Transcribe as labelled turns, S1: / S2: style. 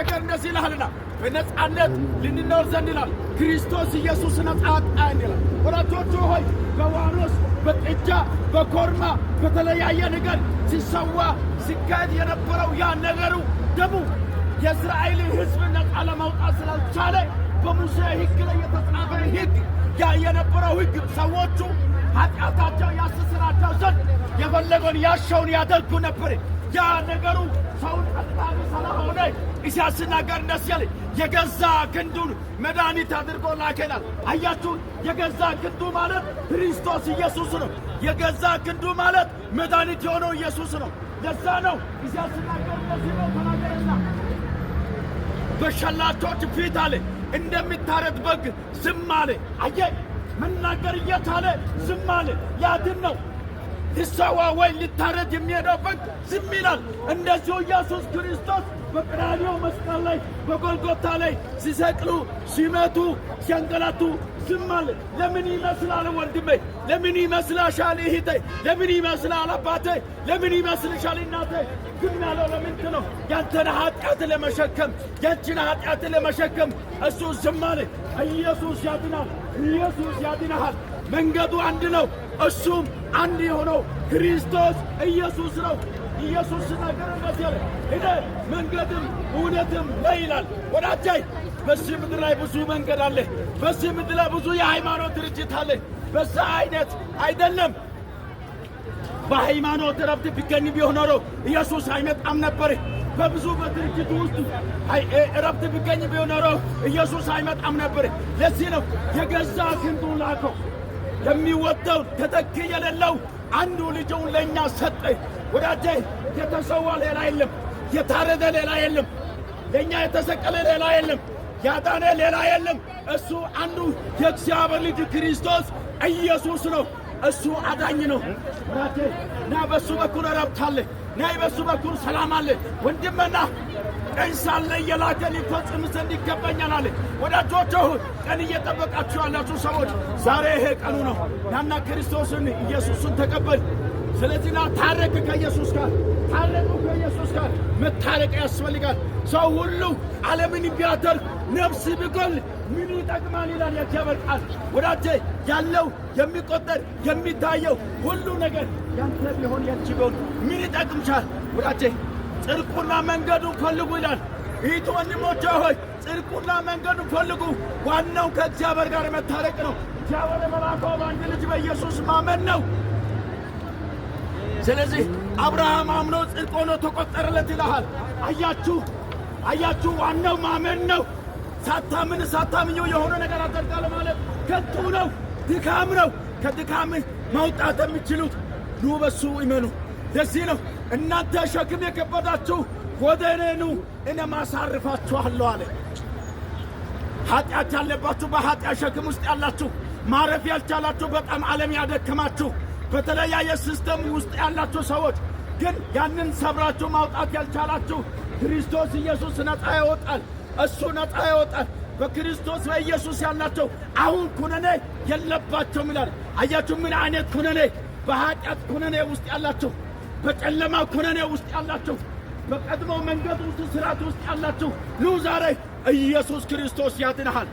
S1: ነገር እንደዚህ ይላልና በነጻነት ልንኖር ዘንድ ይላል። ክርስቶስ ኢየሱስ ነጻ አውጣን ይላል። ወዳጆቹ ሆይ በዋኖስ በጥጃ በኮርማ በተለያየ ነገር ሲሰዋ ሲካሄድ የነበረው ያ ነገሩ ደሙ የእስራኤልን ሕዝብ ነጻ ለማውጣት ስላልቻለ በሙሴ ሕግ ላይ የተጻፈ ሕግ ያ የነበረው ሕግ ሰዎቹ ኃጢአታቸው ያስተስራቸው ዘንድ የፈለገውን ያሻውን ያደርጉ ነበር። ያ ነገሩ ሰውን ላይ ኢሳያስ ሲናገር እንደስ ያለ የገዛ ክንዱን መድኃኒት አድርጎ ላከናል። አያችሁ፣ የገዛ ክንዱ ማለት ክርስቶስ ኢየሱስ ነው። የገዛ ክንዱ ማለት መድኃኒት የሆነው ኢየሱስ ነው። ለዛ ነው ኢሳያስ ሲናገር እንደዚህ ነው ተናገረና በሸላቾች ፊት አለ እንደሚታረድ በግ ዝም አለ። አየ መናገር እየቻለ ዝም አለ። ያድን ነው ሊሰዋ ወይ ሊታረድ የሚሄደው በግ ዝም ይላል። እንደዚሁ ኢየሱስ ክርስቶስ በቀራንዮ መስቀል ላይ በጎልጎታ ላይ ሲሰቅሉ፣ ሲመቱ፣ ሲያንገላቱ ዝም አለ። ለምን ይመስላል ወንድሜ? ለምን ይመስላሻል እህቴ? ለምን ይመስላል አባቴ? ለምን ይመስልሻል እናቴ? ግን ያለው ለምንት ነው? ያንተን ኃጢአት ለመሸከም ያንቺን ኃጢአት ለመሸከም እሱ ዝም አለ። ኢየሱስ ያድናል። ኢየሱስ ያድናሃል። መንገዱ አንድ ነው፣ እሱም አንድ የሆነው ክርስቶስ ኢየሱስ ነው። ኢየሱስ ነገር መሰለ አለ፣ ሄደ መንገድም እውነትም ነህ ይላል። ወዳጃይ በዚህ ምድር ላይ ብዙ መንገድ አለ። በዚህ ምድር ላይ ብዙ የሃይማኖት ድርጅት አለ። በዛ አይነት አይደለም። በሃይማኖት ረብት ቢገኝ ቢሆን ኖሮ ኢየሱስ አይመጣም ነበር። በብዙ በድርጅቱ ውስጥ ረብት ቢገኝ ቢሆን ኖሮ ኢየሱስ አይመጣም ነበር። ለዚህ ነው የገዛ ክንዱ ላከው። የሚወደው ተተኪ የሌለው አንዱ ልጅውን ለእኛ ሰጠ። ወዳጄ የተሰዋ ሌላ የለም፣ የታረደ ሌላ የለም፣ ለእኛ የተሰቀለ ሌላ የለም፣ ያዳነ ሌላ የለም። እሱ አንዱ የእግዚአብሔር ልጅ ክርስቶስ ኢየሱስ ነው። እሱ አዳኝ ነው። ወዳጄ ና በእሱ በኩል ረብታለ፣ ና በእሱ በኩል ሰላም አለ ወንድመና ቀን ሳለ የላከን ይፈጽም ዘንድ ይገባኛል አለ። ወዳጆች ሆይ ቀን እየጠበቃችሁ ያላችሁ ሰዎች ዛሬ ይሄ ቀኑ ነው። ናና ክርስቶስን ኢየሱስን ተቀበል። ስለዚህ ና ታረቅ ከኢየሱስ ጋር ታረቁ ከኢየሱስ ጋር መታረቅ ያስፈልጋል። ሰው ሁሉ ዓለምን ቢያተርፍ ነፍስ ቢጎል ምን ይጠቅማል ይላል የእግዚአብሔር ቃል። ወዳጄ ያለው የሚቆጠር የሚታየው ሁሉ ነገር ያንተ ቢሆን ያልችለውን ምን ይጠቅምሻል ወዳጄ ጽድቁና መንገዱ ፈልጉ ይላል። ይህት ወንድሞቼ ሆይ ጽድቁና መንገዱ ፈልጉ። ዋናው ከእግዚአብሔር ጋር መታረቅ ነው። እግዚአብሔር የመላከው በአንድ ልጅ በኢየሱስ ማመን ነው። ስለዚህ አብርሃም አምኖ ጽድቅ ሆኖ ተቆጠረለት ይልሃል። አያችሁ አያችሁ፣ ዋናው ማመን ነው። ሳታምን ሳታምኘው የሆነ ነገር አደርጋለሁ ማለት ከንቱ ነው፣ ድካም ነው። ከድካም መውጣት የሚችሉት ኑ በሱ ይመኑ። ለዚህ ነው እናንተ ሸክም የከበዳችሁ ወደ እኔ ኑ እኔም አሳርፋችኋለሁ አለ። ኃጢአት ያለባችሁ፣ በኃጢአት ሸክም ውስጥ ያላችሁ፣ ማረፍ ያልቻላችሁ፣ በጣም ዓለም ያደከማችሁ፣ በተለያየ ሲስተም ውስጥ ያላችሁ ሰዎች ግን ያንን ሰብራችሁ ማውጣት ያልቻላችሁ ክርስቶስ ኢየሱስ ነፃ ያወጣል። እሱ ነፃ ያወጣል። በክርስቶስ በኢየሱስ ያላቸው አሁን ኩነኔ የለባቸውም ይላል። አያችሁ ምን አይነት ኩነኔ? በኃጢአት ኩነኔ ውስጥ ያላቸው በጨለማ ኩነኔ ውስጥ ያላችሁ፣ በቀድሞ መንገድ ውስጥ ስርዓት ውስጥ ያላችሁ ኑ ዛሬ ኢየሱስ ክርስቶስ ያድንሃል።